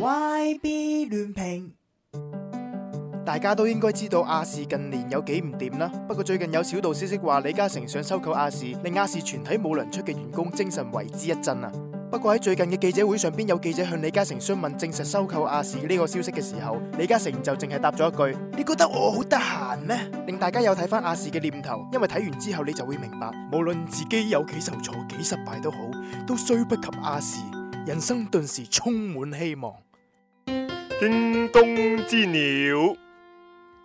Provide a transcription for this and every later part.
歪 B 亂評，大家都應該知道亞視近年有幾唔掂啦。不過最近有小道消息話李嘉誠想收購亞視，令亞視全體冇糧出嘅員工精神為之一振啊！不過喺最近嘅記者會上邊，有記者向李嘉誠詢問證實收購亞視呢個消息嘅時候，李嘉誠就淨係答咗一句：你覺得我好得閒咩？令大家有睇翻亞視嘅念頭，因為睇完之後你就會明白，無論自己有幾受挫，幾失敗都好，都衰不及亞視，人生頓時充滿希望。京東之鳥。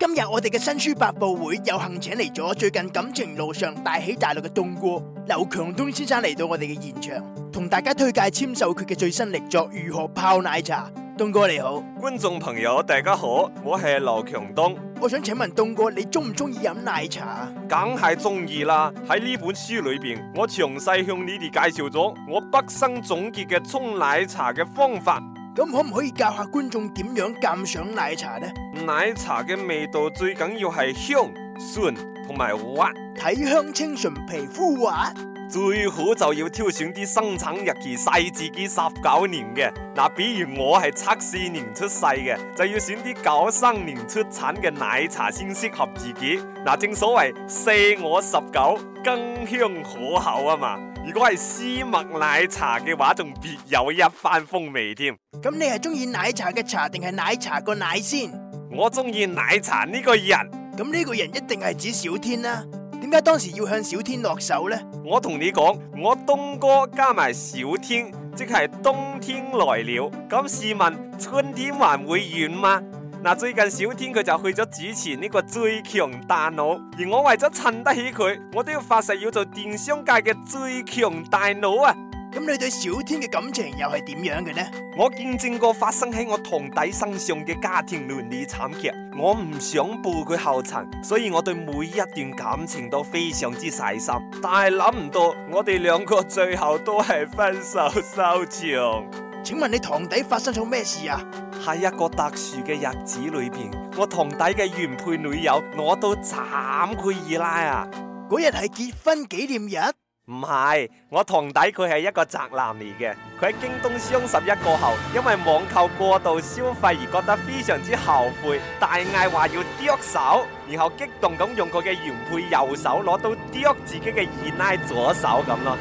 今日我哋嘅新書發布會，有幸請嚟咗最近感情路上大起大落嘅東哥劉強東先生嚟到我哋嘅現場，同大家推介簽售佢嘅最新力作《如何泡奶茶》。東哥你好，觀眾朋友大家好，我係劉強東。我想請問東哥，你中唔中意飲奶茶？梗係中意啦！喺呢本書裏邊，我詳細向你哋介紹咗我畢生總結嘅沖奶茶嘅方法。咁可唔可以教下觀眾點樣鑒賞奶茶呢？奶茶嘅味道最緊要係香、純同埋滑，體香清純、啊、皮膚滑，最好就要挑選啲生產日期細自己十九年嘅。嗱，比如我係七四年出世嘅，就要選啲九三年出產嘅奶茶先適合自己。嗱，正所謂四我十九，更香可口啊嘛！如果係絲襪奶茶嘅話，仲別有一番風味添。咁你係中意奶茶嘅茶定係奶茶個奶先？我中意奶茶呢個人。咁呢個人一定係指小天啦、啊。點解當時要向小天落手呢？我同你講，我東哥加埋小天，即係冬天來了。咁試問，春天還會遠嗎？嗱，最近小天佢就去咗主持呢個最強大腦，而我為咗襯得起佢，我都要發誓要做電商界嘅最強大腦啊！咁你對小天嘅感情又係點樣嘅呢？我見證過發生喺我堂弟身上嘅家庭倫理慘劇，我唔想步佢後塵，所以我對每一段感情都非常之細心。但係諗唔到，我哋兩個最後都係分手收場。請問你堂弟發生咗咩事啊？喺一個特殊嘅日子裏邊，我堂弟嘅原配女友攞刀斬佢二奶啊！嗰日係結婚紀念日，唔係我堂弟佢係一個宅男嚟嘅，佢喺京東雙十一過後，因為網購過度消費而覺得非常之後悔，大嗌話要剁手，然後激動咁用佢嘅原配右手攞刀剁自己嘅二奶左手咁咯。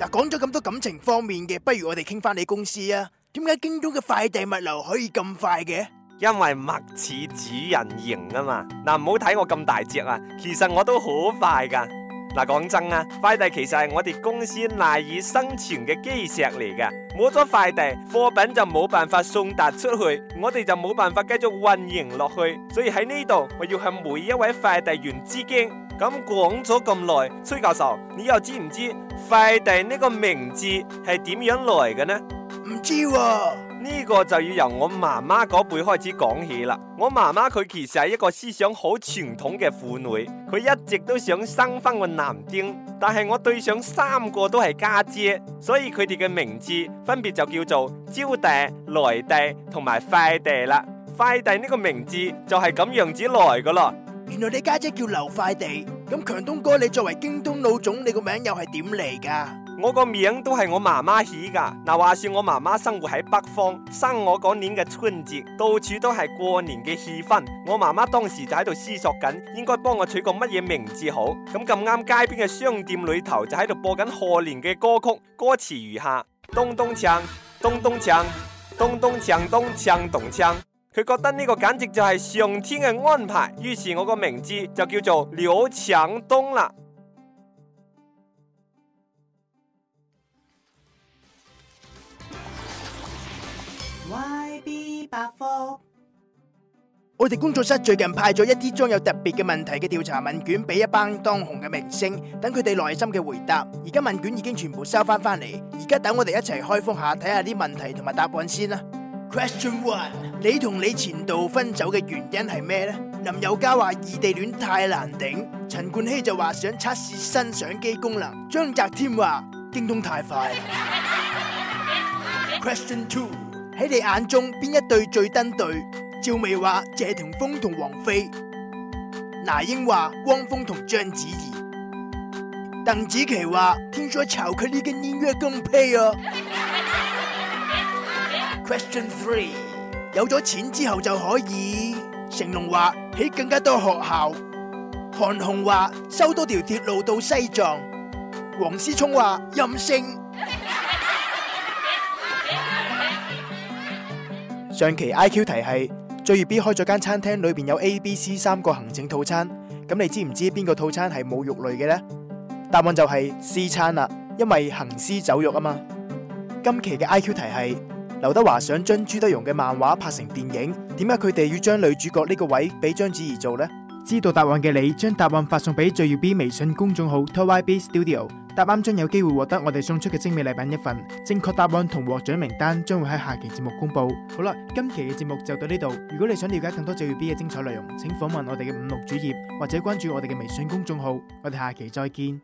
嗱，講咗咁多感情方面嘅，不如我哋傾翻你公司啊。點解京東嘅快遞物流可以咁快嘅？因為物似主人形啊嘛。嗱，唔好睇我咁大隻啊，其實我都好快噶嗱。呃，講真啊，快遞其實係我哋公司賴以生存嘅基石嚟噶，冇咗快遞，貨品就冇辦法送達出去，我哋就冇辦法繼續運營落去。所以喺呢度我要向每一位快遞員致敬。咁講咗咁耐，崔教授，你又知唔知快遞呢個名字係點樣來嘅呢？唔知喎、啊，呢個就要由我媽媽嗰輩開始講起啦。我媽媽佢其實係一個思想好傳統嘅婦女，佢一直都想生翻個男丁，但係我對上三個都係家姐，姐，所以佢哋嘅名字分別就叫做招弟、來弟同埋快弟啦。快弟呢個名字就係咁樣子來噶咯。原來你家姐，姐叫劉快弟，咁強東哥你作為京東老總，你個名又係點嚟噶？我個名都係我媽媽起㗎，嗱、啊，話說我媽媽生活喺北方，生我嗰年嘅春節，到處都係過年嘅氣氛。我媽媽當時就喺度思索緊，應該幫我取個乜嘢名字好。咁咁啱，街邊嘅商店裏頭就喺度播緊賀年嘅歌曲，歌詞如下：咚咚鏘，咚咚鏘，咚咚鏘咚鏘咚鏘，佢覺得呢個簡直就係上天嘅安排，於是我個名字就叫做廖鏘東啦。我哋工作室最近派咗一啲裝有特別嘅問題嘅調查問卷俾一班當紅嘅明星，等佢哋耐心嘅回答。而家問卷已經全部收翻翻嚟，而家等我哋一齊開封下睇下啲問題同埋答案先啦。Question one，你同你前度分手嘅原因係咩咧？林宥嘉話異地戀太難頂，陳冠希就話想測試新相機功能，張澤添話京東太快。 Question two。喺你眼中邊一隊最登對？趙薇話謝霆鋒同王菲，那英話汪峰同章子怡。鄧紫棋話：聽說巧克力跟音樂更配哦，啊。 Question three，3. 有咗錢之後就可以，成龍話起更加多學校，韓紅話修多條鐵路到西藏，王思聰話任性。上期 I Q 題係，最耀 B 開咗間餐廳，裏邊有 A、B、C 三個行政套餐，咁你知唔知邊個套餐係冇肉類嘅呢？答案就係 C 餐啦，因為行屍走肉啊嘛。今期嘅 I Q 題係，劉德華想將朱德庸嘅漫畫拍成電影，點解佢哋要將女主角呢個位俾章子怡做呢？知道答案嘅你，將答案發送俾最耀 B 微信公眾號 ToyB Studio，答啱將有機會獲得我哋送出嘅精美禮品一份。正確答案同獲獎名單將會喺下期節目公布。好啦，今期嘅節目就到呢度。如果你想了解更多最耀 B 嘅精彩內容，請訪問我哋嘅五六主頁或者關注我哋嘅微信公眾號。我哋下期再見。